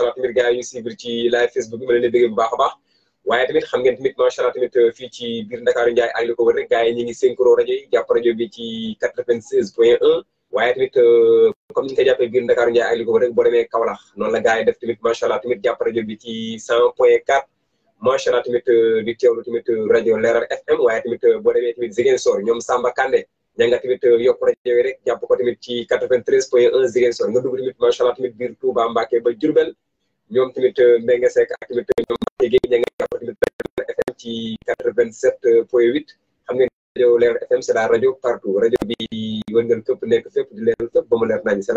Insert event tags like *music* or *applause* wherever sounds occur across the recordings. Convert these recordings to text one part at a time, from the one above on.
allah tamit gars yi ci live Facebook bi ma leen di bëggee bu baax a baax waaye tamit xam ngeen tamit macha allah tamit ci biir Ndakaaru Njaay ak rek gars yi ñu ngi synchro rajo yi jàpp rajo bi ci quatre-vingt-seize point un waaye tamit euh, comme ni ñu ko jàppee biir Ndakaaru Njaay ak boo demee Kaolack noonu la gars yi def tamit macha tamit jàpp bi ci cent point quatre macha allah tamit euh, di teewlu tamit euh, rajo Leeral FM waaye tamit boo demee tamit Ziguinchor ñoom Samba Kandé ña nga tamit euh, yokku rajo yi rek jàpp ko tamit ci 93 point 1 Ziguinchor nga dugg tamit macha allah tamit biir Touba ba Diourbel ñoom tamit euh, euh, ñoom Mbacké gi ña nga jàpp partout rajo bi wër ngeen këpp nekk fépp di leer fépp ba mu leer nañ c'est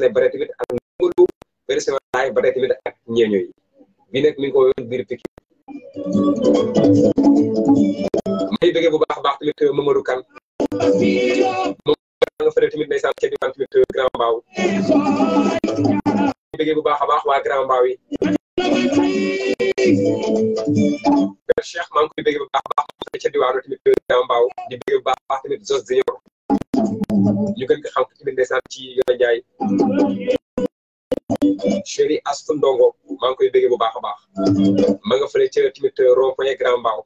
la bare tamit ak Ngolo Percevant bi ko biir Pikine may bëggee bu baax a baax tamit euh, Mamadou Kane moom nga fële tamit ndeysaan ca diwaan tamit euh, Grand Mbaaw may bëggee bu baax a baax waa Grand Mbaaw yi Cheikh maa ngi koy bëggee bu baax a baax moom fële ca diwaanu tamit euh, Grand Mbaaw di bëggee bu baax a baax tamit Jos Junior ñu gën ko xam tamit ndeysaan ci Yoro Ndiaye chéri Astou Ndongo maa ngi koy bëggee bu baax a baax ma nga fële ca tamit rond point Grand Mbao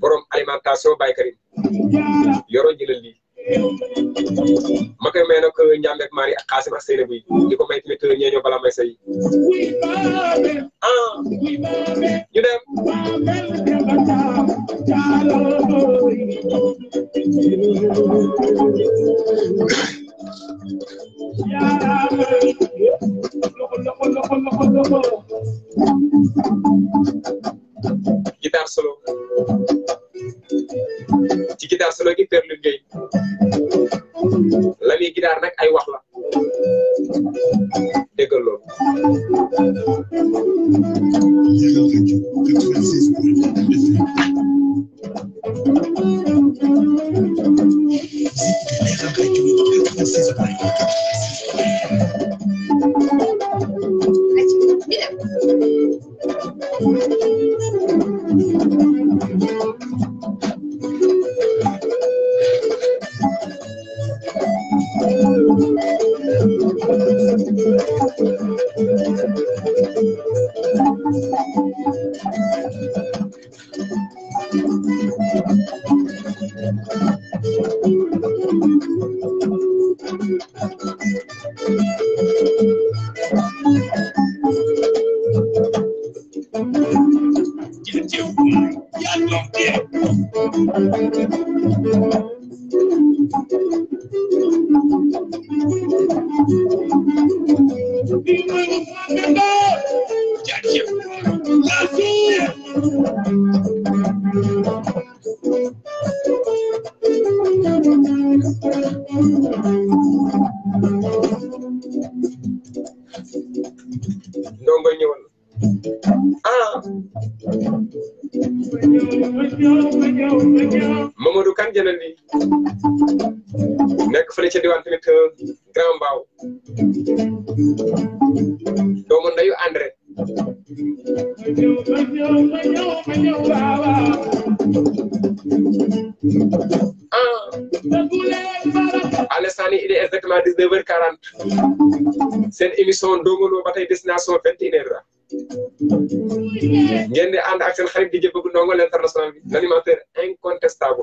borom alimentation Baye Karim yoro jëlal lii ma koy may nag may tamit ñeeñoo bala may say ah ñu Gitar solo ci guitare solo gi perlu ngey la ni guitare nak ay wax la déggal loolu. Thank you. destination Ndongo Lo ba tey destination vingt et une heures ngeen di ànd ak seen xarit di jëbëgu Ndongo l'international bi l'animateur incontestable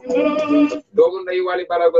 doomu nday Wally Balago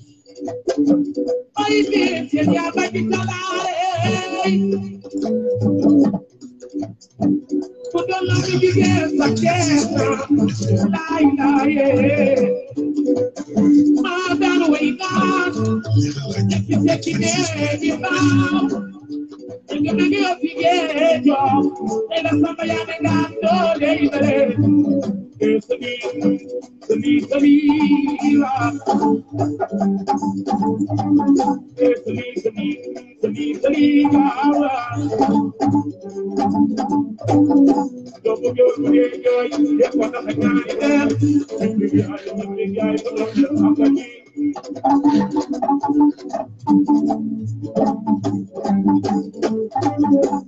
Oi, Ay, miren, si el diablo hay Porque la vivienda quiebra, lá, ira es. Mata no hay é que se quiere llevar. In the middle of the gate, and a Samaya and I'm no neighbor. There's the meat, the meat, the meat. There's the meat, the meat, the meat, the meat. Don't forget, forget, forget, forget, forget, forget, forget, forget, forget, forget, forget, forget, forget, forget, forget, Thank you.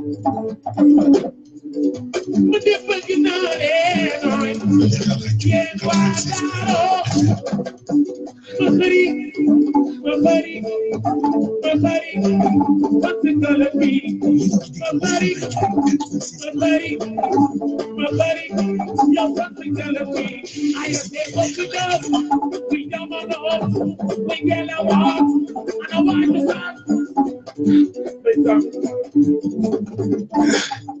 頼むよ。Muchos pescadores hoy quieren guardar. Mapari, mapari, mapari, patikale pi. Mapari, mapari, mapari, ya patikale pi. I am able to go. We come on off. We get a walk. And I want to start. Please stop.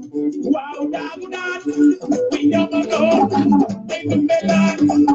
Lord. Amen.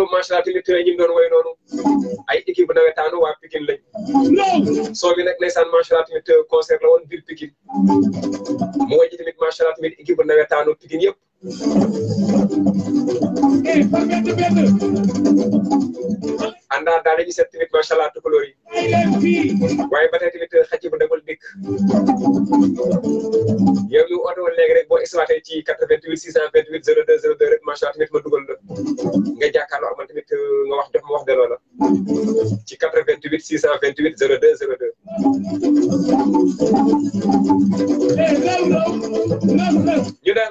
loolu macha allah tamit train woy noonu ay équipe nawetaanu waa Pikine lañ soo bi nag ndeysaan macha allah tamit concert la woon biir Pikine mu woy ji tamit macha allah tamit équipe eh par benn set àndaan daal dañuy seet tamit macha allah tukulóor yi. waaye ba tey tamit xaj bu demul dikk. yow yu oote woon léegi rek boo exploité ci 88 628 02 02 rek macha allah tamit ma dugal la. nga jàkkaarloo man tamit euh, nga wax jox ma wax delloo la. ci 88 628 02 02. ñu dem.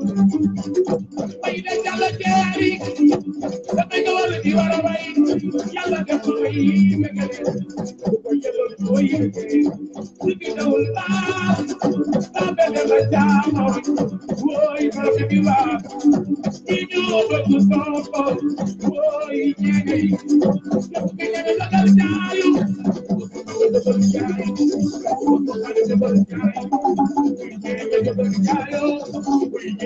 We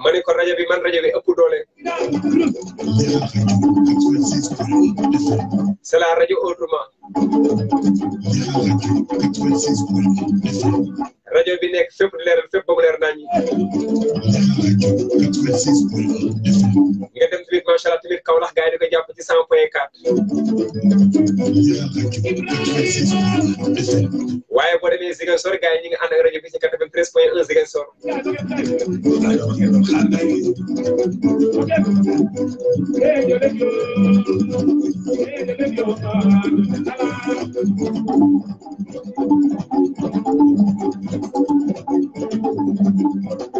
ma ne ko rajo bi man rajo bi ëpp doole c'est rajo autrement rajo bi nekk fépp leeral fépp ba mu Kaulah gaya dengan da ko jàpp ci 100 point 4 waaye boo demee Ziguinchor gaay ñi nga ànd ak rajo bi ci 93 Thank you.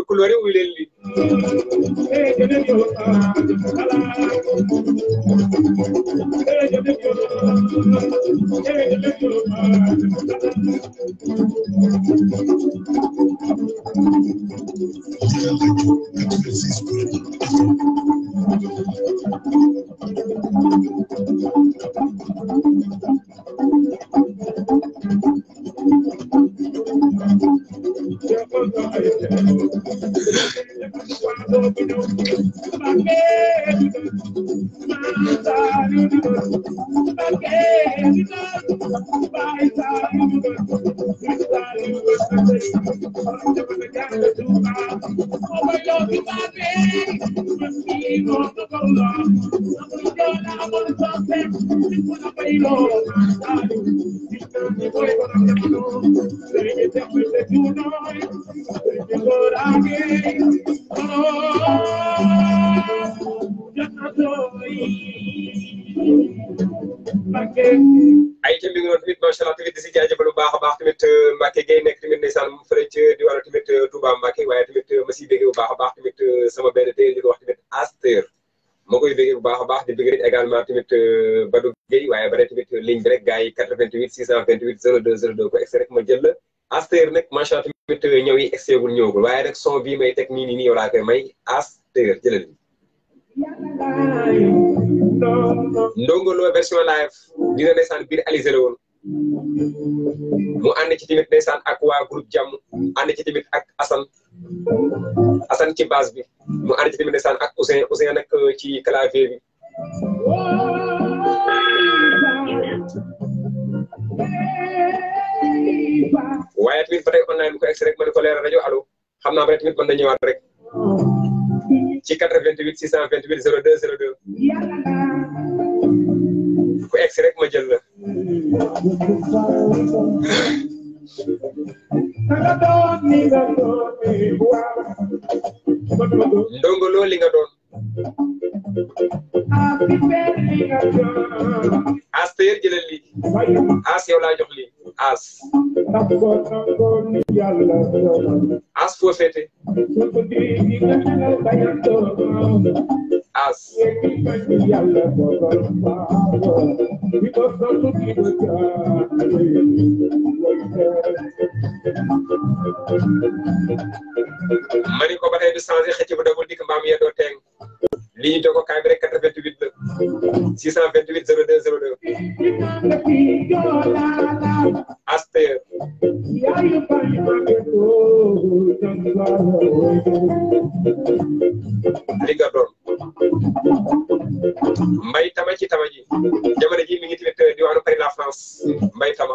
dukulore wilelli Thank you you ay ca mi ngi noonu tamit macha allah tamit di si jaajëf lu baax a baax tamit Mbacke Gueye nekk tamit ndeysaan mu fële ca diwaanu tamit Touba Mbacke waaye tamit ma siy bëggee bu baax a baax tamit sama benn tey ñu wax tamit Aster ma koy bëggee bu baax a baax di bëggee également tamit Badou Gueye waaye ba tamit ligne bi rek gars 88 628 02 ko extrait rek ma jël as tër nag macha allah tamit ñëw yi waaye rek soo bii may teg ni nii nii yow may as tër jëlal Ndongo Lo version live dina ndeysaan biir Alizé la mu ànd ci tamit ndeysaan ak waa groupe jàmm ànd ci tamit ak Assane Assane ci base bi mu ànd ci tamit ndeysaan ak Ousseyn Ousseyn nag euh, ci clavier bi. waye tamit ba on mën ko ex rek mën ko léra radio allo xamna naa tamit mën na ñëwaat rek ci 88 628 ex rek ma jël la. ndongo lo li nga doon. jëlal as as fofete as mani ko batay bi du changer bu dagul dik mbam ya do teng ligne Dogo Ka bi rek 88 la 628 02 02 Asteur Ligador Mbay Tama ci Tama ji jamono ji mi ngi tamit diwaanu la France Mbay Tama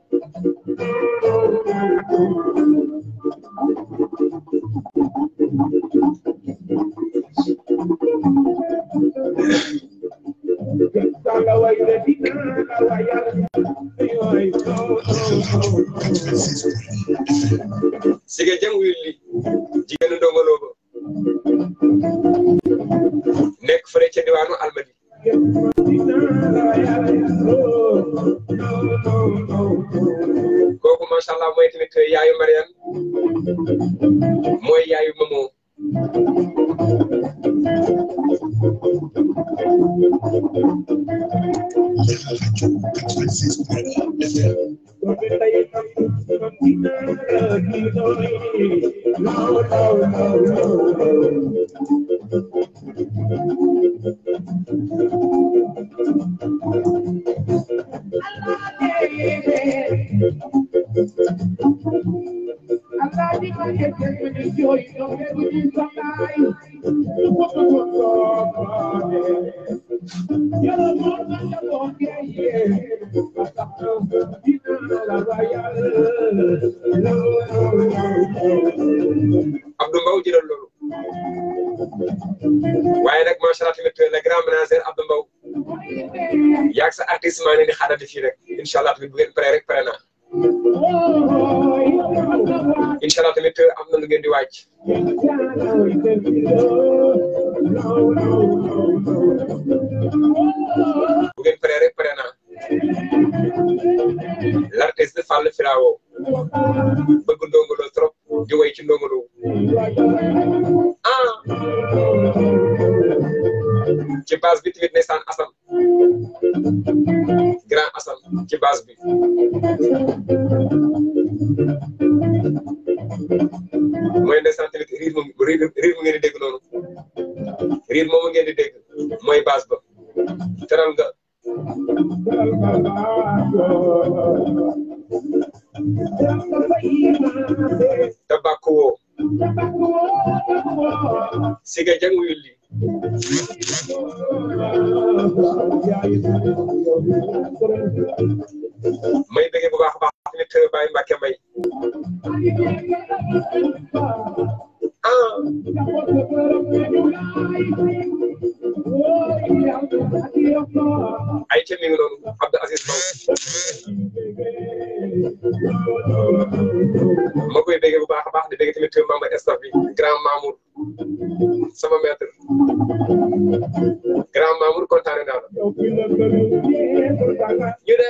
riir moomu ngeen di dégg mooy baas ba teral nga te bàkk woo siga jang yulli bëgge bu baax baax nit Baye Mbacke Mbaye ay ca mi ngi ma koy bégge bu baax a baax di bégge tamit membre staff bi grand Mamour sama maître grand Mamour kontaane naa la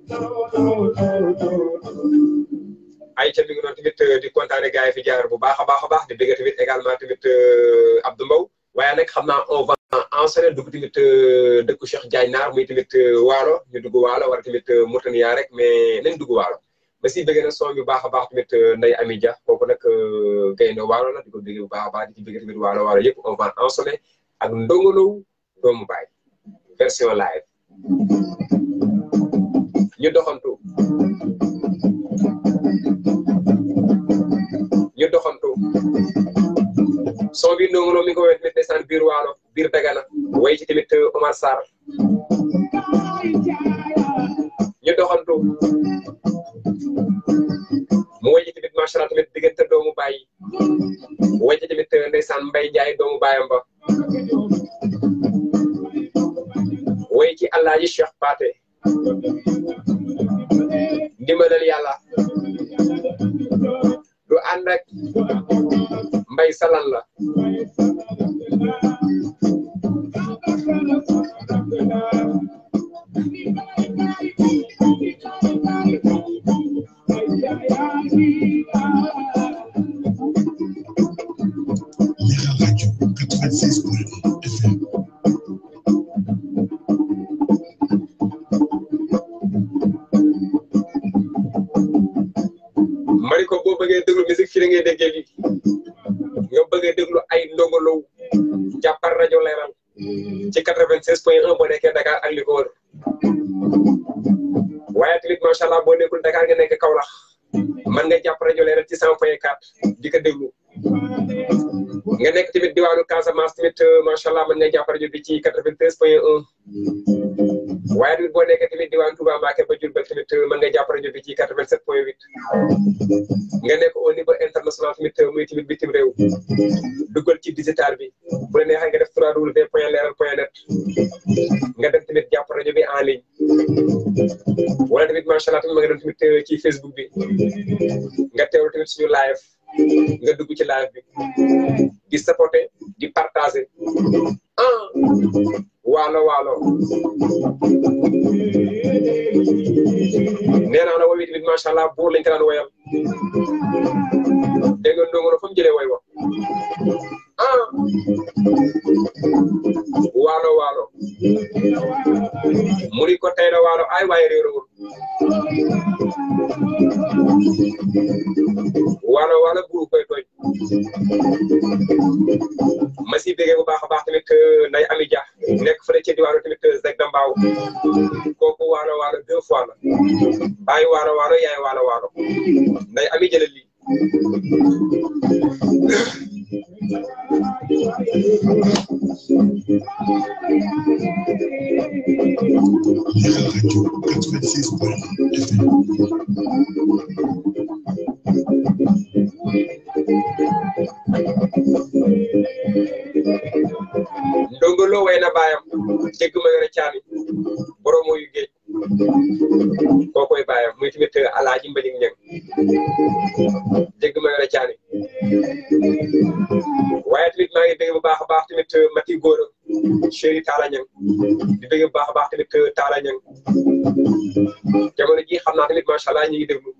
ayca bi ngi noonu tamit euh, di kontaane gars yi fi jaar bu baax a baax a baax di bëgg tamit également tamit euh, Abdou Mbow waaye nag xam naa on va enchaîner dugg tamit euh, dëkku Cheikh Diagne Naar muy tamit waalo ñu dug waalo war tamit Mauritania rek mais nañ dugg waalo ba si bëgg na son bu baax a baax tamit Ndeye Amy Dia kooku nag gaynde waalo la di bu baax a baax di ci bëgg tamit waalo yëpp on va enchaîner ak Ndongo Lo doomu version live ñu doxantu ñu doxantu son bi ndongo loo ngi ko wet ndeysaan biir waalo biir dagana way ci tamit euh, Omar Sarr ñu doxantu mu way ci tamit macha allah tamit diggante doomu baay mu ci tamit euh, ndeysaan mbay njaay doomu baayam ba way ci alaaji Cheikh Paate dimbalal yalla du andak mbay salan la Thank you. mari ko boo bëggee déglu musique fii la ngay déggee lii nga bëggee déglu ay ndongolow jàppal rajo leeral ci quatre-vingt-seize point un boo nekkee Dakar ak li ko wër waaye tamit macha allah boo nekkul Dakar nga nekk Kaolack man nga jàpp rajo leeral ci cent point quatre di ko déglu nga nekk tamit diwaanu Casamance tamit euh, macha allah mën nga jàpp rajo bi ci quatre-vingt-treize point un waaye tamit boo nekkee tamit diwaan Touba Mbacké ba Diourbel tamit mën nga jàpp rajo bi ci quatre vingt sept point nga nekk au niveau international tamit muy tamit bitim réew duggal ci digital bi bu la neexee nga def www point leeral point net nga dem tamit jàpp rajo bi en ligne wala tamit macha allah ma nga dem tamit euh, ci Facebook bi nga teewlu tamit suñu live nga dugg ci live bi di supporter di partager ah walo waalo nee naa la woy wi tamit macha allah buur lañ ko daan woyal dégg nga ndongo fa mu jëlee woy wa ah waalo waalo mu ni ko tey la waalo ay wala wala buur koy tooñ ma si bégee bu baax baax tamit euh, ami ci tamit euh, deux fois la yaay ami años y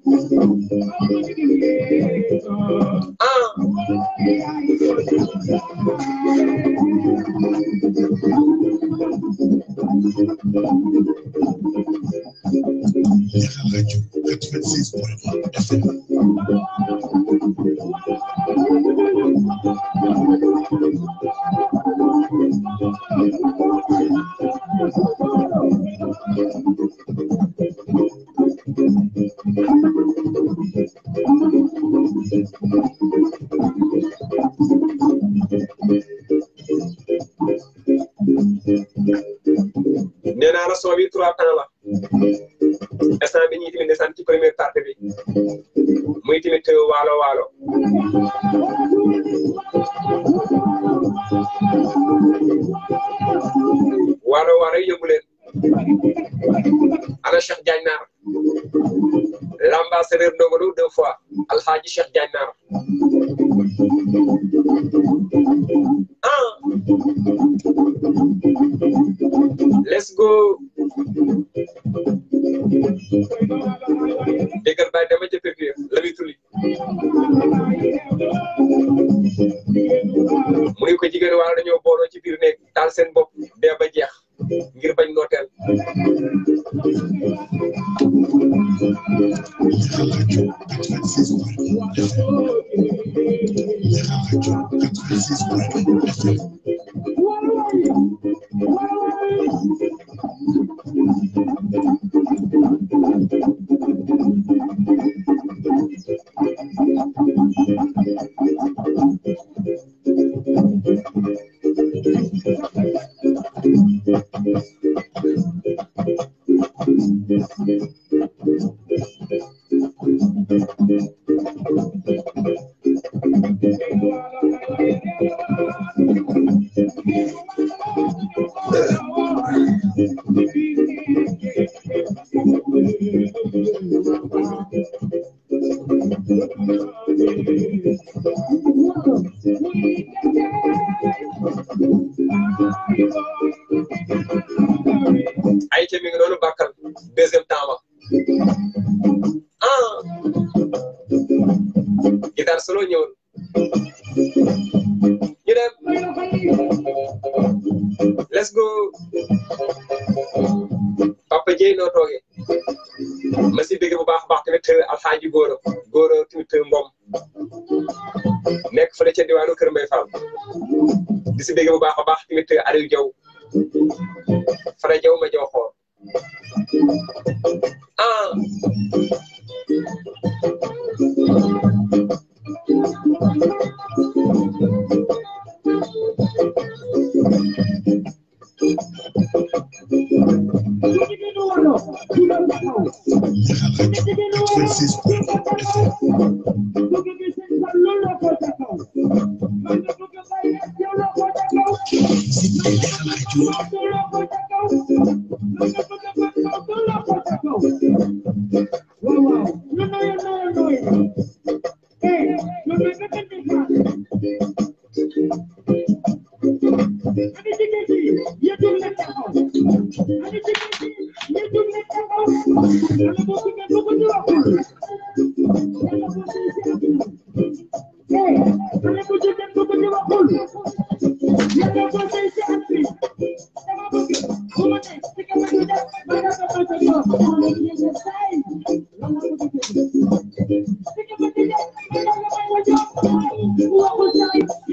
One more time.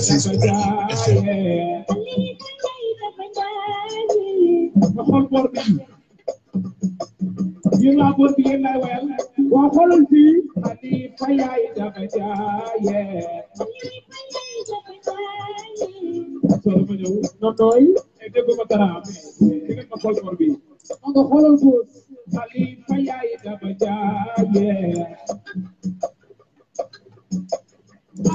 exercício externo. nga xool boor bi yéen waa góor bi yéen lay wéyal waa xoolal fii ani fayaay dafa jaaye soo dafa ñëw nondooy e déggu ma dara di ngeen ma xool boor bi nga xoolal góor ani fayaay dafa jaaye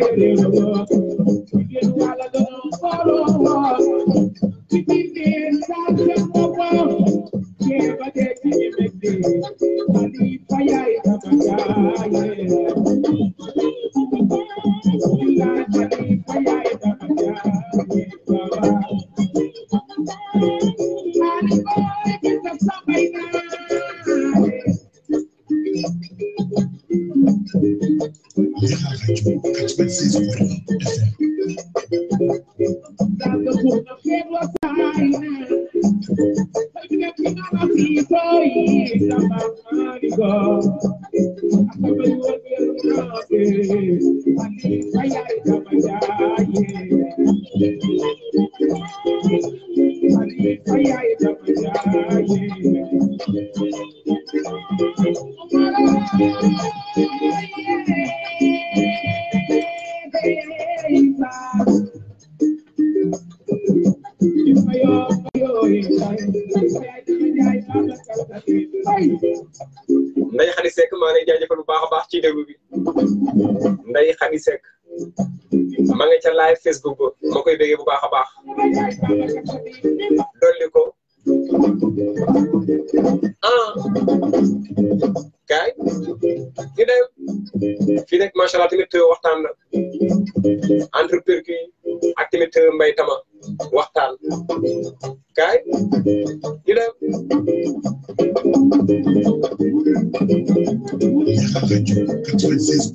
We lọ. Ìgbésí alẹ́ lọ́nà follow bọ́ Capítulo 16,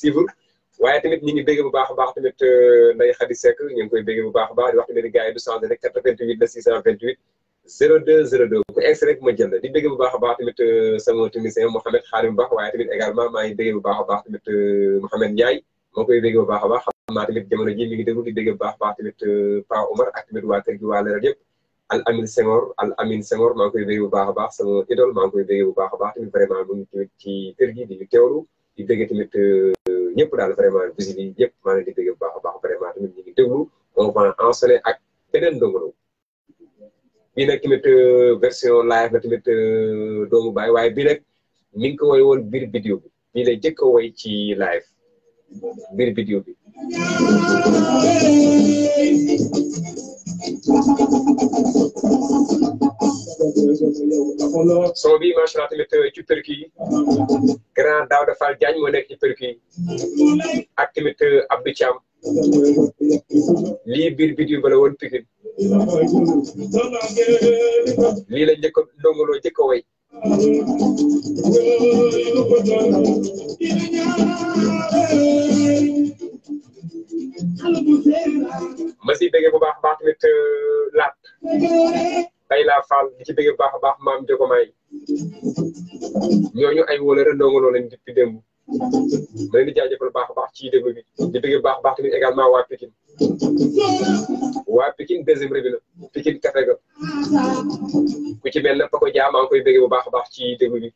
suivre waaye tamit ñu ngi bégg bu baax a baax tamit euh, Ndeye bu a baax di wax tamit gars yi du changé rek 88 a baax tamit euh, sama technicien Mouhamed Xaalim bu a baax tamit euh, Mouhamed Ndiaye moo koy bégg bu a baax xam naa tamit a baax tamit bu baax a vraiment mu ngi tamit di ñu tamit ñëpp daal vraiment visite yi ñëpp maa ngi di dégg baax a baax vraiment tamit ñu ngi déglu on va enchaîner ak beneen Ndongo Lo bii nag tamit euh, version live la tamit euh, doomu baay waaye bii nag mi ngi ko woy woon biir vidéo bi bii la jëkk woy ci live biir vidéo bi son bi macha allah tamit euh, ci percu yi grand Daouda Fall Diagne moo nekk ci percu yi ak tamit euh, Abdou Thiam lii biir bi dimbale woon Pikine lii la njëkk a ndongoloo bu baax baax tamit euh, ay la Fall di ci bëgg baax a baax maam Jogomaay ñooñu ay wóolare ndongo loo leen depuis démb ma leen di jaajëfal baax a baax ci déglu bi di bëgg baax baax tamit également waa Pikine waa Pikine deuxième revue la Pikine ku ci mel na Pako Dia maa ngi koy bëgg bu baax a baax ci déglu bi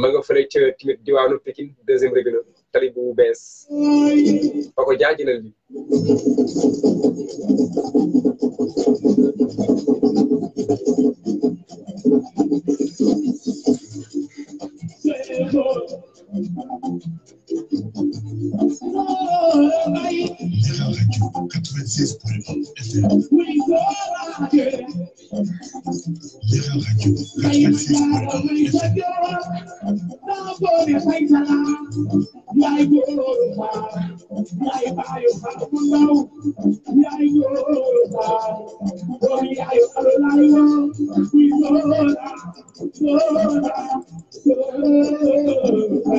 ma nga fële ca tamit diwaanu Pikine deuxième revue la tali bu bees Pako Dia jëlal Señor. de la radio 96.1 FM. de la radio 96.1 FM.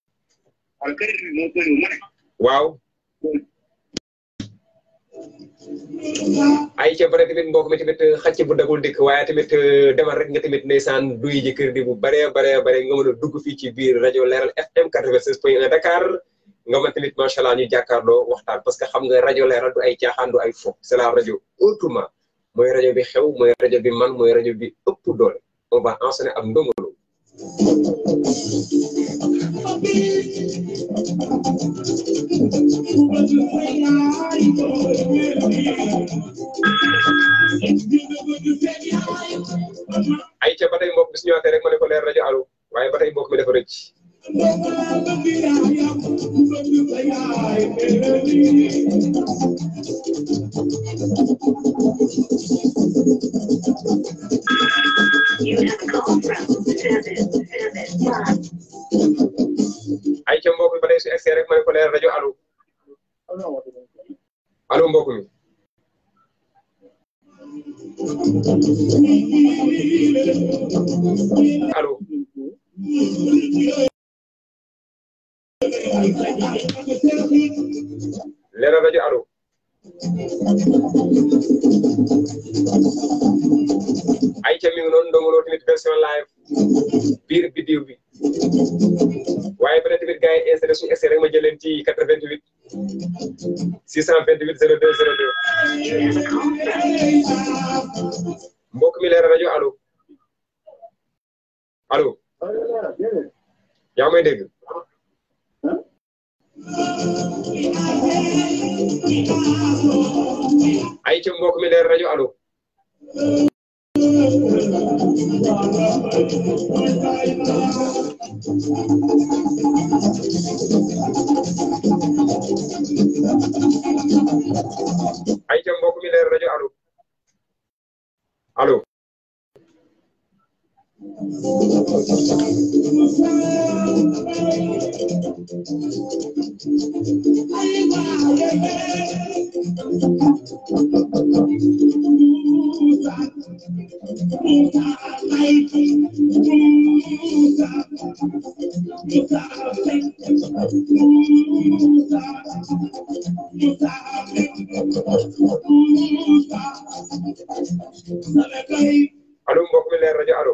waaw. ay ca bare tamit mbokk mi tamit euh, xacc bu dagul dikk waaye tamit euh, demal rek nga tamit ndeysaan duy ji kër di bu bare bare bare nga mën a dugg fii ci bi rajo leeral FM 96.1 Dakar nga mën tamit macha allah ñu jàkkaarloo waxtaan parce que xam nga rajo leeral du ay caaxaan du ay fo c'est la rajo autrement mooy rajo bi xew mooy rajo bi man mooy rajo bi ëpp doole on va enchaîner ak ndongolo. ay ca ba mbokk bi su rek ma ko leer allo mbokk mi dafa rëcc You have called from gisee rek may ko leer rajo allo allo mbokk mi allo rajo allo ay ca mi ngi noonu Ndongo Lo tamit version live biir biddiw bi waaye beneen tamit gars yi inséré suñu inséré rek ma jël leen ci 88 628 02 02 mbokk mi leer rajo allo allo yaa ngi may dégg. ay ci mbokk mi leer rajo alo ay ca mbokk mi leer rajo allo Alumbo Kule Rajaro.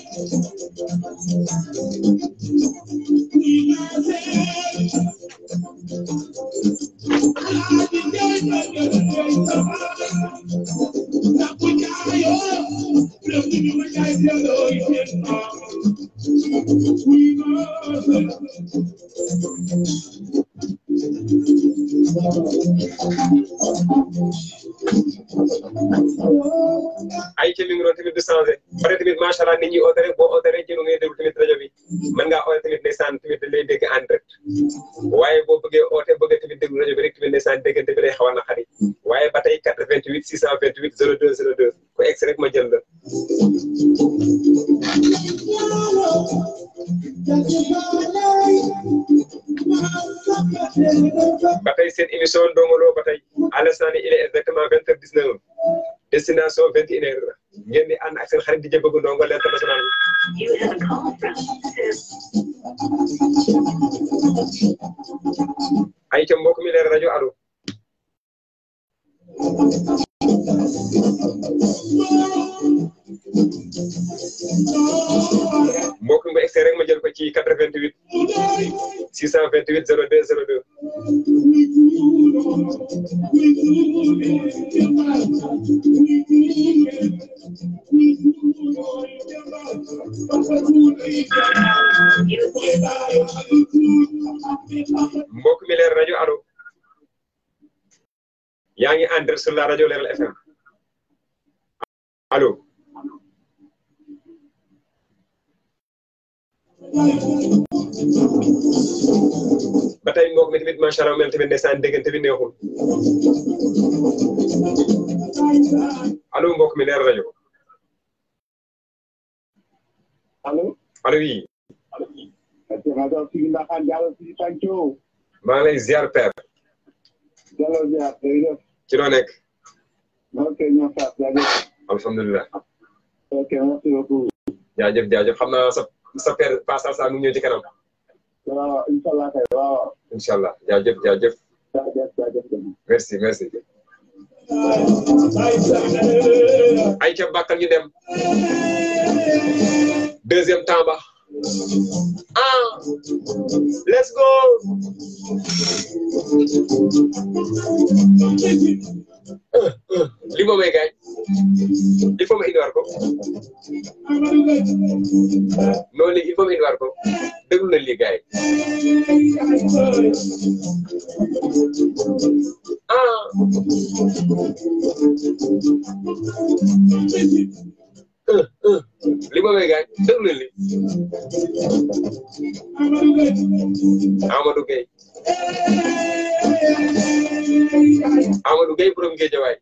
ak xarit di jël bëgg ndeysaan déggante bi neexul allo mi leer rajo allo allo yi maa ngi ziar père ci nekk alhamdulilah ok merci beaucoup jaajëf jaajëf xam naa sa sa père passal sa mu ñëw ci kanam waaw allah kay merci merci ay ca bàkkal ñu dem deuxième temps ba let's go li moom ay gaañ il faut ma indiwaat ko noonu il faut ma indiwaat ko déglu na lii gars yi ah li moom ay gaañ déglu na lii Amadou Amadou Gueye borom Guédiawaye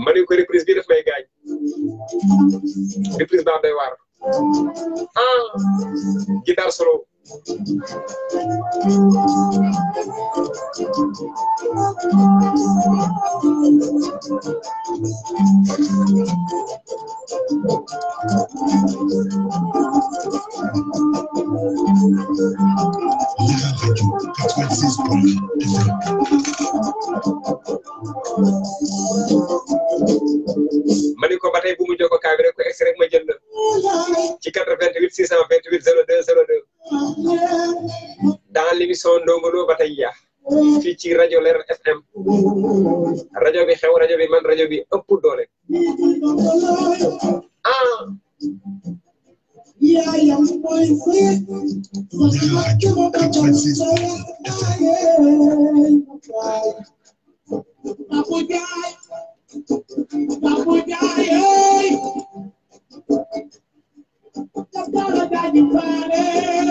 ma ne ko reprise bi daf may gaañ reprise daa doy waar Mm. Ah. Guitar solo. Jésus at Wednesday's ko ba bu mu jokkoo kaa bi ko ex rek ma jël la ci 88 628 02 02 dans l'émission Ndongo Lo ba tey yaa fii ci rajo Leral FM rajo bi xew rajo bi man rajo bi ëpp doole ah. E aí eu me conheci, só que eu vou pra você, Papugai, papugai, ei! Da parada de parei!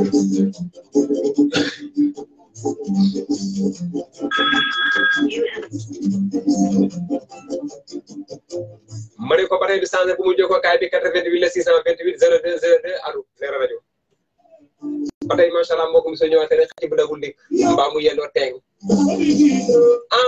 ma ne ko ba bi changé bu mu jokkoo kaay bi 88 la 628 02 02 allo Leral allah mbokk mi soo ñëwaatee rek xaj bu dagul mu ah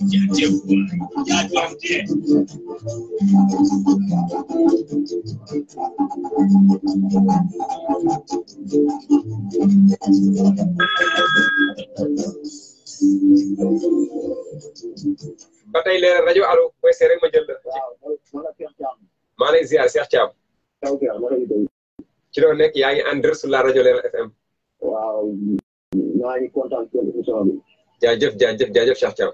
Я девку, я вам где? ba tey leeral rajo allo USR rek ma jël la. Cheikh Thiam. ci loo nekk yaa ngi sur la rajo Leeral FM. waaw maa nah, ngi kontaan ci émission bi. jaajëf jaajëf jaajëf Cheikh Thiam.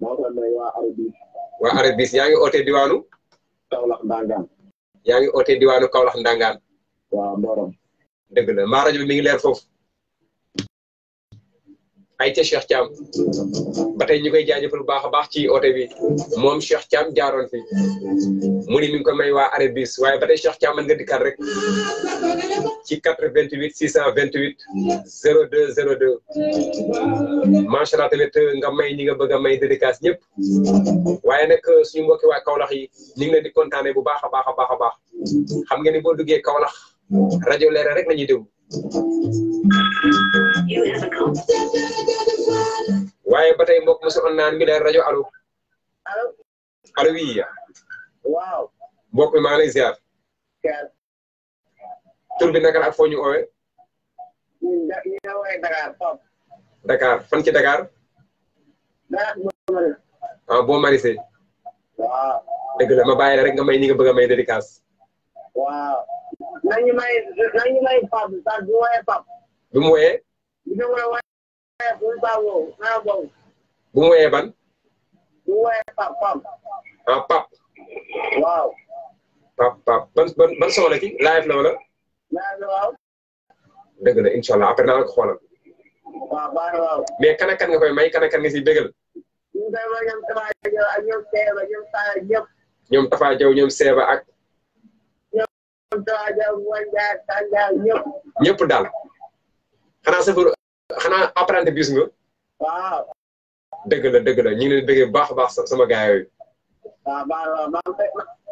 moo tax ne waa Arabis. waa Arabis yaa ngi oote diwaanu. Kaolack Ndangaan. yaa ngi oote diwaanu Kaolack Ndangaan. waaw Mborom. dëgg la maa rajo bi mi ngi leer foofu. ay ca Cheikh Thiam ba tey ñi koy jaajëfal bu baax a baax ci oote bi moom Cheikh Thiam jaaroon fi mu ni mi ngi ko may waa Arabis waaye ba tey Cheikh Thiam mën nga dikkaat rek ci cent 88 628 02 02 macha allah tamit nga may ñi nga bëgg a may dédicace ñëpp waaye nag suñu mbokki waa Kaolack yi ñu ngi leen di kontaanee bu baax a baax a baax a baax xam nga ni boo duggee Kaolack rajo Leral rek la ñuy déglu. waye batay mbok mbokk musul naan bi da radio allo allo oui ya wow mbok maa ngi lay ziar ya. tour bi nakar la ak foo ñu oowee Dakar fan ci Dakar ah boo marisé deug la ma baye rek nga may ni nga bëgg may dédicace waaw nañu may may Pape bu mu wooyee. bu mu wooyee ban. bu mu wooyee ah, Pape Pape. ban ban ban son la ci live la wala. allah après la ko xoolal. mais kan kan nga koy may kan kan nga siy dëggal. ñoom Tafa Jaw ñoom Seeba ak. ñëpp daal xanaa safar xanaa apprenti bis nga. waaw. dëgg la dëgg la ñu ngi leen bëggee bu baax a baax sama gars yooyu.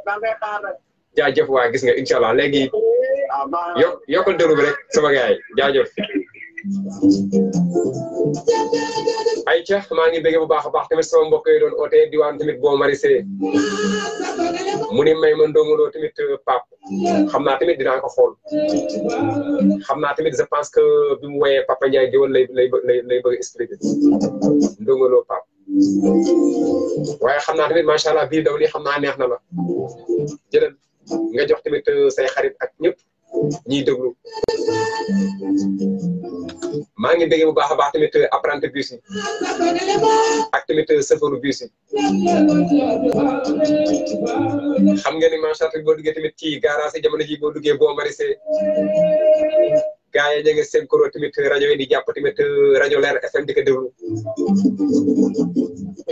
waaw jaajëf waay gis nga incha allah léegi. waaw yokkal dëru bi sama gars jaajëf. ayca maa ngi bëgg bu baax a baax tamit sama mbokk yi doon oote diwaan tamit boo marisé mu ni may ma ndongoloo tamit euh, Pape xam naa tamit dinaa ko xool xam naa tamit je parce que bi mu woyee Papa Ndiaye di woon lay lay lay lay bëgg expliqué ndongoloo xam naa tamit macha allah bii daw nii xam naa neex na la jëlal nga jox tamit euh, say xarit ak ñëpp. ñiy déglu maa ngi bëggee bu baax a baax tamit euh, apprenti bus yi ak tamit sëfaru euh, bus yi xam nga ni man chaque boo duggee tamit ci garage jamono ji boo duggee boo marisé gaa yi jege seen kuréel tamit rajo yi di jàpp tamit rajo Leer FM di ko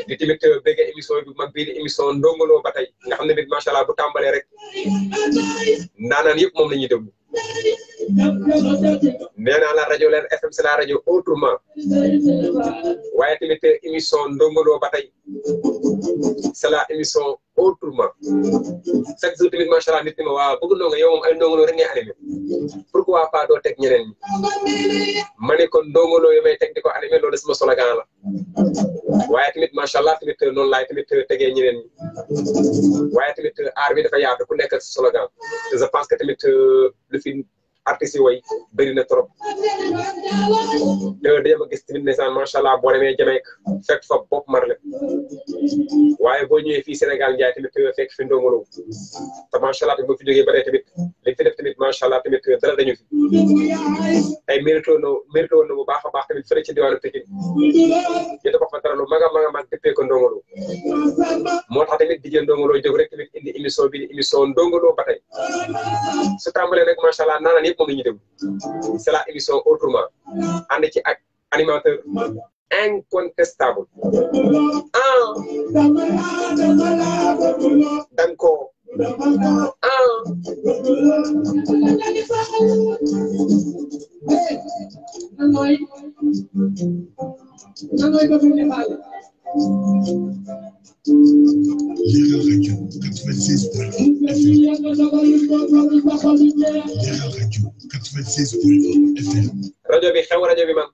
di tamit bëgg émission bi mag bii di émission Ndongo ba tey nga xam ne bi macha bu tàmbalee rek ndaanaan yëpp moom la ñuy déglu nee naa la rajo FM c'est la rajo autrement waaye tamit émission Ndongo Lo ba tey c'est émission. autrement chaque jour tamit macha allah nit ñi ma waaw bëgg yow moom ay ndongo loo rek ngay animé pourquoi pas doo teg ñeneen ñi ma ne kon ndongo loo yi may teg di ko animé loolu sama slogan la waaye tamit macha allah tamit noonu laay tamit tegee ñeneen ñi waaye tamit bi dafa yaatu ku nekk slogan je pense que tamit lu fi. artistes yi way bëri na trop dañoo gis tamit ndeysaan macha allah boo demee Jamaïque fekk fa Bob Marley waaye boo ñëwee fii Sénégal njaay tamit te macha allah boo fi jógee ba tey tamit liñ fi macha allah tamit dara dañu fi ay mérité woon bu baax a baax tamit fële ci diwaanu Pikine ñu tabax fa dara lu mag a mag a mag dëppee ko Ndongo moo tax tamit di jël Ndongo rek tamit indi émission bi di émission Ndongo Lo ba su tàmbalee rek macha allah naan ñëpp a ngi ñu déglu c'est la ak animateur incontestable ah danga ko Ah. Radio Bijou, Radio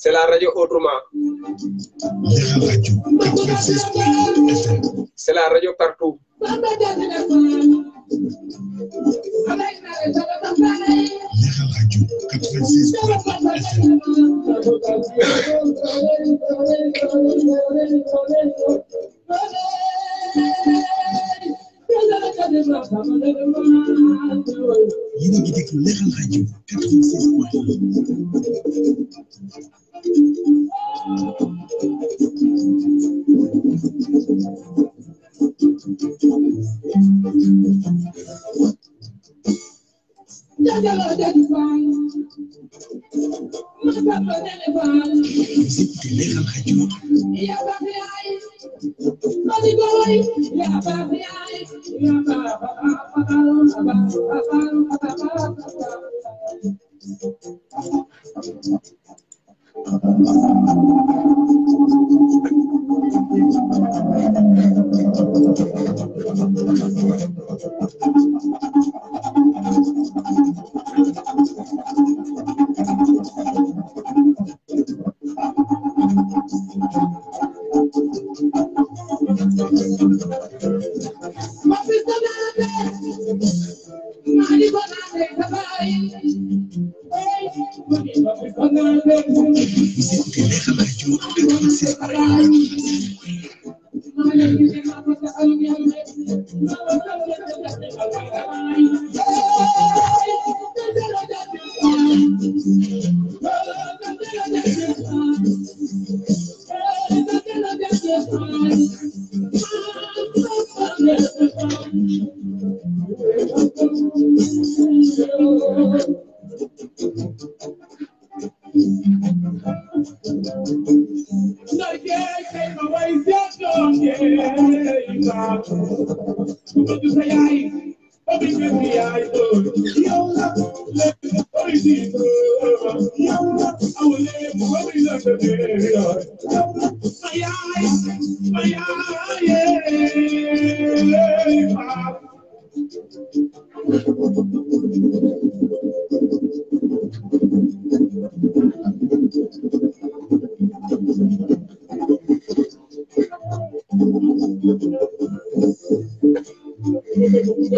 Se la radio autrement. C'est la radio partout. *laughs*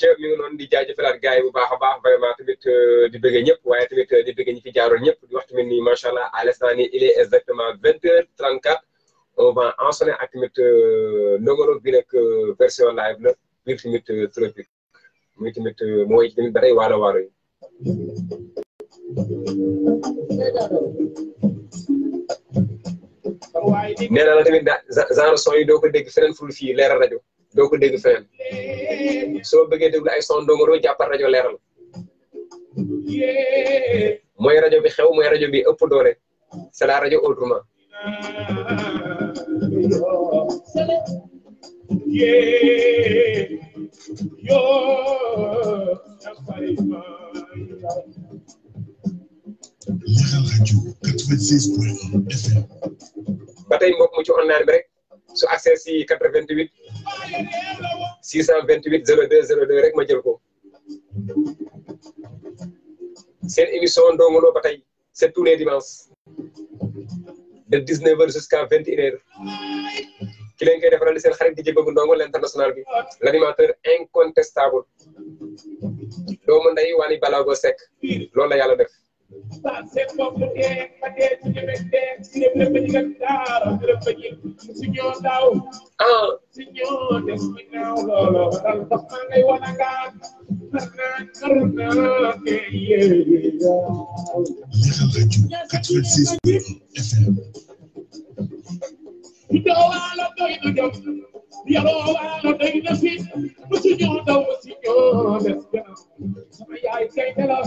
ca mi ngi noonu di jaajëfalaat gars yi bu baax a baax vraiment tamit euh, di bëgg ñëpp waaye tamit euh, di bëgg ñi fi jaaroon ñëpp di wax tamit ni macha allah à l'instant nii il est exactement vingt heures trente quatre on va enchaîner ak tamit euh, doo bi nag version live la biir tamit tropique muy tamit tamit ba tey son yi doo dégg feneen ful fii rajo. doko deg dégg so beugé bëggee déglu ay son dongoro jappar radio leral moy radio bi xew moy radio bi ëpp doore c'est la radio autrement Leral rajo 96 point 1 FM mu ci online bi rek su accès 88 vingt 628 02 02 rek ma jël ko seen émission Ndongo Lo ba tey c'est tous les dimanches de 19h jusqu'à 21h ki leen koy defaral di seen xarit di jëbëbu Ndongo l'international bi l'animateur incontestable doomu ndey Wally Balago Seck loolu la yàlla def saa seen bopp dee ba ci ñemeeg ci ñoom lépp a ñu kat daara lépp a ñu si ñoo daaw ah des ginnaaw looloo dal ndox maa ngay wanagaan nar naa nar naa kee yee Doo waalo doy na jom yaroo waalo doy na fit musu ñoo daw si ñoo des ginnaaw sama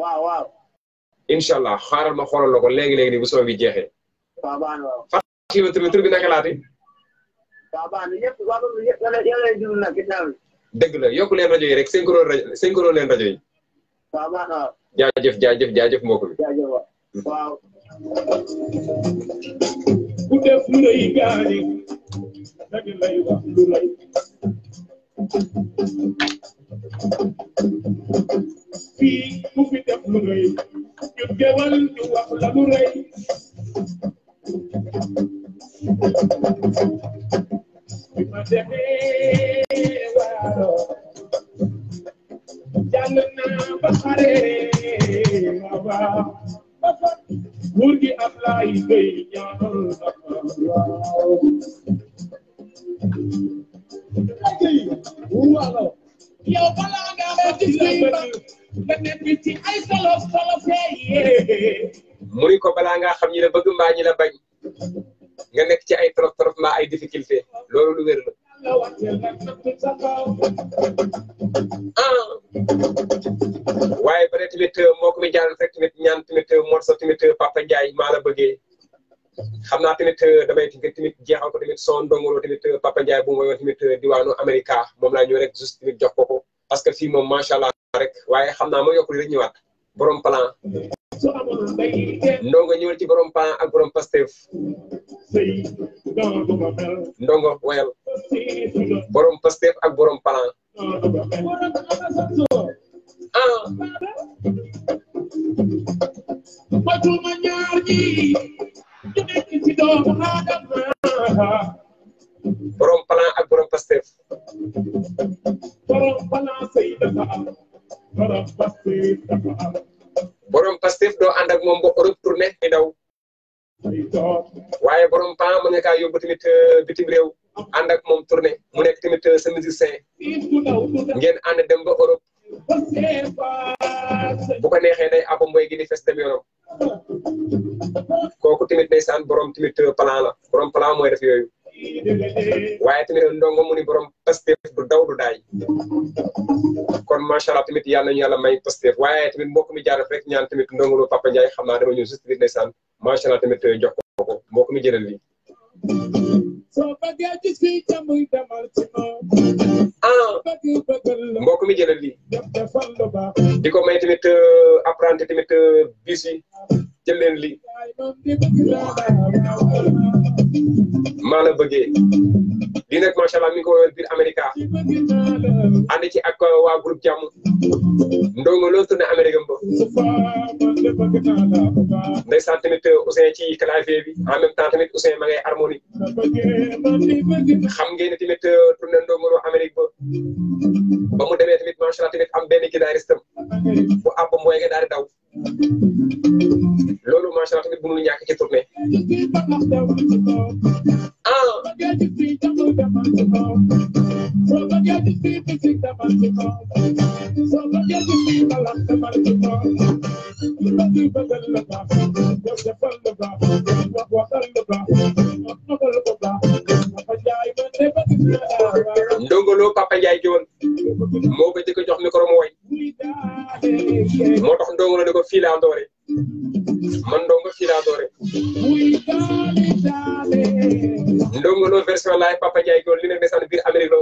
waaw waaw. inshallah xaaral ma xoolal la ko léegi léegi nii bu soobee bi jeexee. waaw baax na waaw. fàttali ma tur bi tur bi naka laati. waaw baax na yëpp waaw loolu yëpp yàlla yàlla lay dund nag ginnaaw bi. dëgg la yokk leen rajo yi rek synchro rajo synchro leen rajo yi. waaw baax na waaw. jaajëf jaajëf jaajëf mbokk mi. jaajëf waaw. ku def lu lay gaari. dëgg lay wax lu lay. fii ku fi def lu rëy ñu gewal wax la lu rëy bi ma demee waalo jàng naa ba xare waawa nguur gi am laay gëy ñaanal waaw mu balaa ngaa ko nga balaa ngaa xam ñi la bëgg mbaa ñi la bañ nga nekk ci ay trop trop mbaa ay difficulté loolu lu wér ah waaye ba ne tamit moo ko mi jàll rek tamit ñaan tamit Mor Sow tamit Papa maa la bëggee. xamna tamit euh, damay tamit jeexal ko tamit son do ndongolo tamit euh, Papa ndjay bu mu tamit euh, diwanu America mom la ñu rek juste tamit jox ko ko parce que fii moom macha allah rek waye xamna naa ma yokkul rek ñëwaat borom plan. ndo nga ñëwal ci borom plan ak borom Pastef. nga wayal borom Pastef ak borom plan. ah. batuma ñaar ñi. Borong pala, borong borom borong borom plan say dafa borom Borong dafa borom Pastef doo ànd ak moom borong Europe borong mi daw waaye borom plan mën nga kaa yóbbu bitim rew ànd ak moom mu nekk sa musicien ngeen ànd dem ba Europe bu ko neexee day abo mboy gi di fes dem yoonam kooku tamit ndeysaan borom tamit plan la borom plan mooy def yooyu waaye tamit ndongo mu ni borom Pastef du daw du daay kon macha allah tamit yàlla nañu yàlla may Pastef waaye tamit mbokk mi jaar rek ñaan tamit ndongo lu Papa Ndiaye xam naa dama ñëw juste biir ndeysaan macha allah tamit jox ko mbokk mi jëlal lii a ah. mbokk mi jëlal lii di ko may tamit euh, apprenti tamit euh, bis jël leen li maa la bëggee lii nag macha allah mi ngi ko woyoon biir Amérique ànd ci ak euh, waa groupe jàmm ndongo loo tourné Amérique am ba ndeysaan euh, ci clavier bi en même temps tamit Ousseyn xam ngeen ne tamit euh, tourné ndongo loo Amérique ba ba mu demee tamit macha allah tamit am benn guitariste bu àbb mooy nga daal daw. loolu macha allah tamit mënul ñàkk ci tournée ah Ndongo Lo Papa Ndiaye Géwël moo ko jëkk jox micro mu moo tax Ndongo Lo ne ko fii man Ndongo fii Ndongo Lo version live Papa Ndiaye Géwël li ne ndeysaan biir Amérique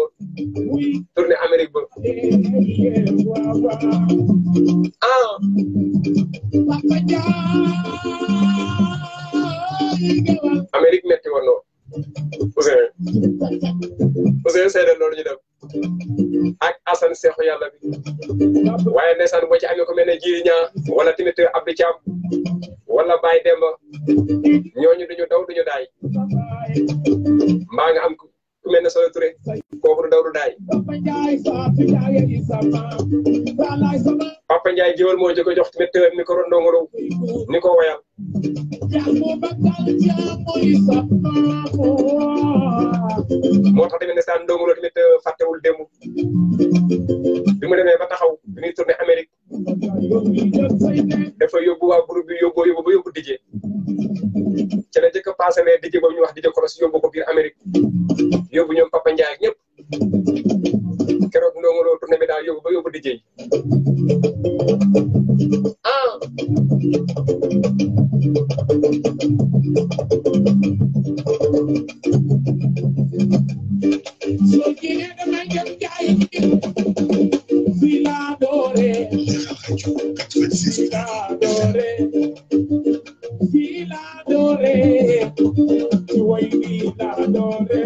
tournée Amérique ba ah Amérique Ousseyn Ousseyn seedeel loolu ñu dem ak Assane Seexu yàlla bi waaye ndeysaan boo ci amee ko mel ne Jiriña wala tamit Abdou Thiam wala Baye Demba ñooñu duñu daw duñu daay mbaa am ku mel ne Solo Touré kooku du daay Papa Ndiaye jiwal moo jëkk jox tamit mi ko rondongo row ni ko woyal moo tax tamit ne saan ndongolo tamit euh, fàttewul démb bi mu demee ba taxaw bi muy tourné Amérique dafa yóbbu waa groupe bi yóbbu yóbbu ba yóbbu DJ ca la njëkk a passé ne DJ boobu ñu wax DJ Cross yóbbu ko amerik Amérique yóbbu ñoom Papa Ndiaye ak ñëpp keroog ndongo loo tourné bi daal yóbbu ba DJ ah So, Filatore, filatore, filatore, tu vuoi filatore.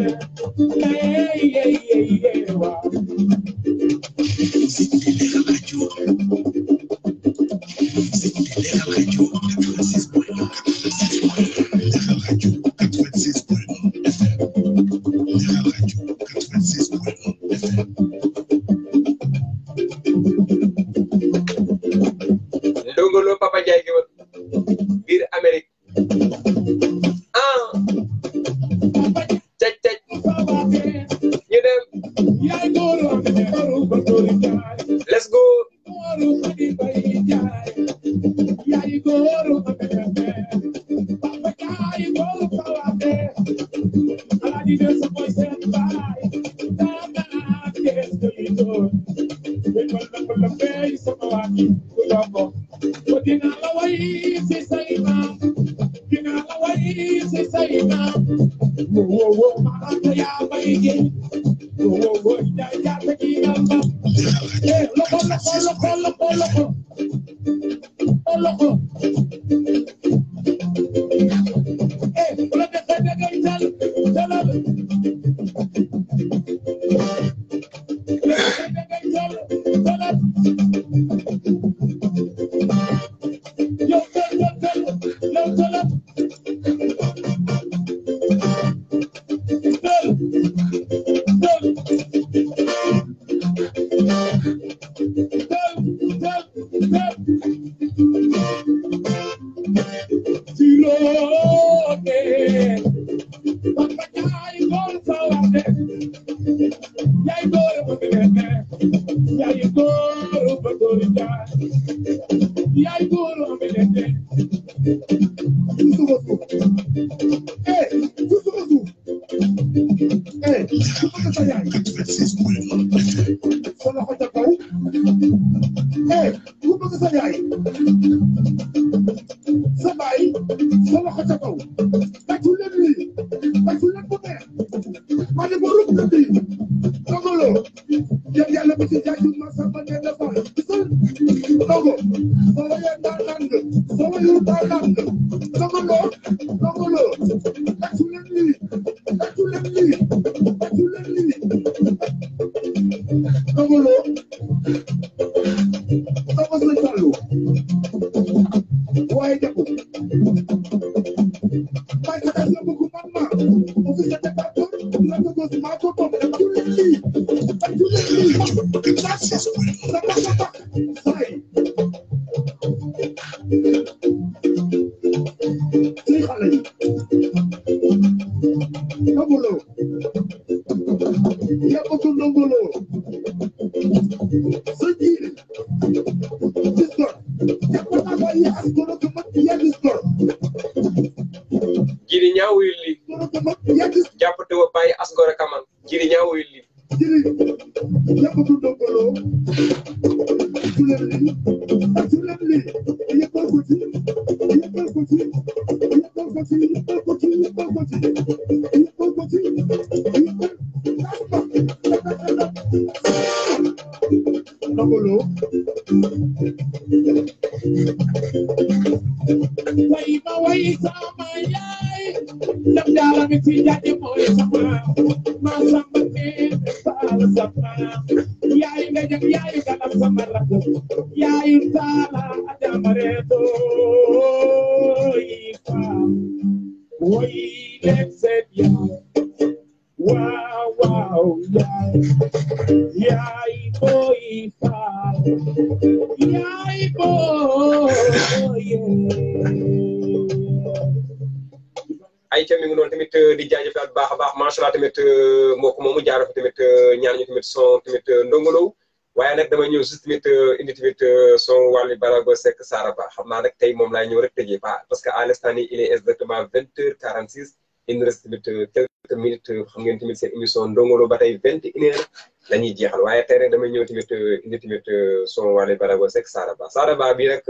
Wally Balago Seck Saraba xam naa nag tey moom laay ñëw rek tëjee pas parce que à l'instant nii il est exactement vingt heures quarante six il nous reste euh, euh, xam ngeen tamit seen émission Ndongo ba tey vingt une heure la ñuy jeexal waaye tey rek damay ñëw tamit euh, indi son Wally Balago Seck Saraba Saraba bi rek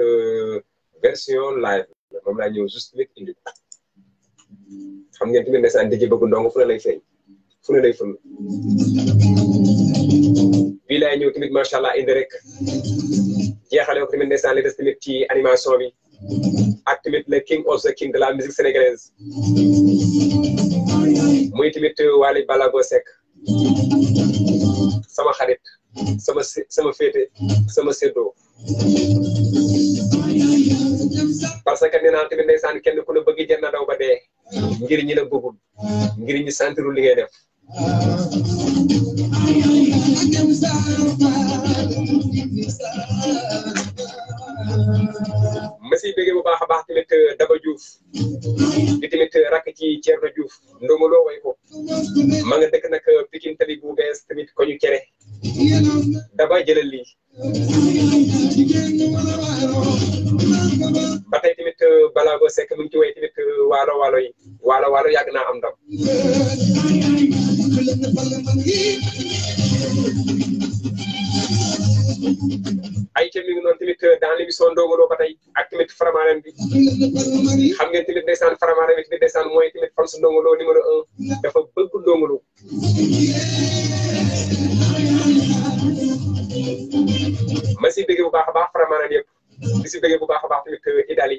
version live moom laa ñëw juste tamit indi xam ngeen tamit ndeysaan di ci bëgg ndongo fu ne lay feeñ fu ne lay fël bii laay ñëw tamit macha allah indi rek jeexale ko tamit ndeysaan li des tamit ci animation bi ak tamit le king of the king de la musique sénégalaise muy tamit Wally Balago Seck sama xarit sama sama féete sama séddoo parce que nee naa tamit ndeysaan kenn ku ne bëgg jën na daw ba dee ngir ñi la bëggul ngir ñi santirul li ngay ma siy bëggee bu baax a baax tamit euh, Daba juuf di tamit euh, rakk ci Thierno Diouf ndomaloo way ko ma nga dëkk nag euh, bu bees tamit ko cere dafay jëlal lii ba tey tamit euh, balaago sekk mu ngi ci way tamit euh, waalo waalo yi waalo waalo yàgg naa am ndam ay ca mi ngi euh, dans l'émission Ndongo Lo ak tamit faramaaren bi xam ngeen tamit ndeysaan bi tamit ndeysaan mooy tamit fan su Ndongo Lo dafa bëgg Ndongo ma si bëggee bu baax a baax Faramaren yëpp di si bëggee bu baax a baax tamit euh, Idali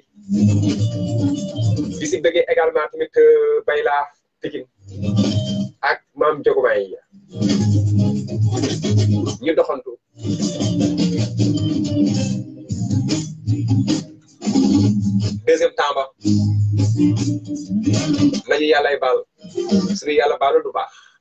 di tamit euh, Bayla Pikine ak maam Jogumaay yi ñu doxantu deuxième temps ba nañu yàllay baal suñu yàlla baalu du baax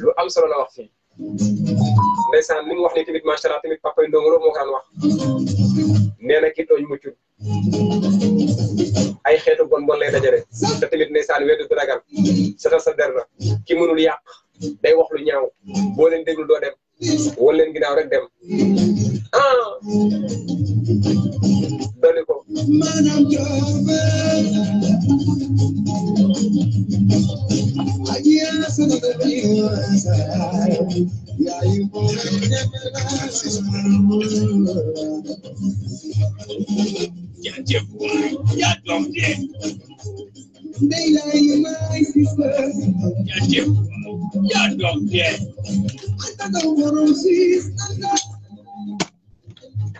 lu am solo la wax fii ndeysaan li mu wax ni tamit macha allah tamit papa Ndongo moo ko daan wax nee na ki tooñ muccul ay xeetu bon bon lay dajale te tamit ndeysaan weddu du ragal setal sa der la ki mënul yàq day wax lu ñaaw boo leen déglu doo dem wol leen ginnaaw rek dem. Dale, po. Ya llegó, ya también. Daylight, my sister. Ya llegó, ya también. I don't want to see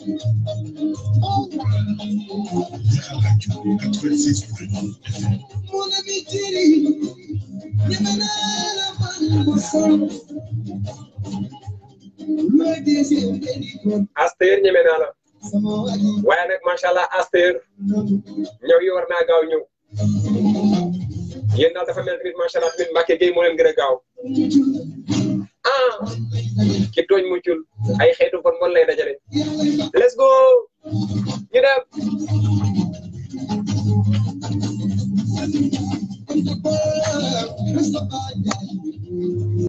Yalaju Katwesi Aster ñemenaa la waaye nag macha allah Aster ñëw yi war naa gaaw ñëw yéen daal dafa mel ni macha allah Mbacke leen gaaw. ah ki tooñ muccul ay xeetu kon mon lay dajale let's go